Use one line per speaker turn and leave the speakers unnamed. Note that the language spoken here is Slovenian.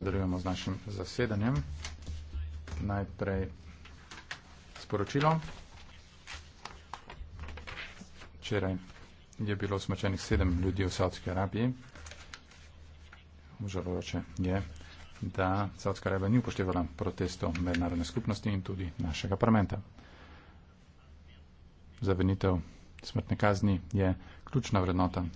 Zdravimo z našim zasedanjem. Najprej sporočilo. Včeraj je bilo usmrčenih sedem ljudi v Saudski Arabiji. Užalujoče je, da Saudska Arabija ni upoštevala protestov mednarodne skupnosti in tudi našega parlamenta. Zavenitev smrtne kazni je ključna
vrednota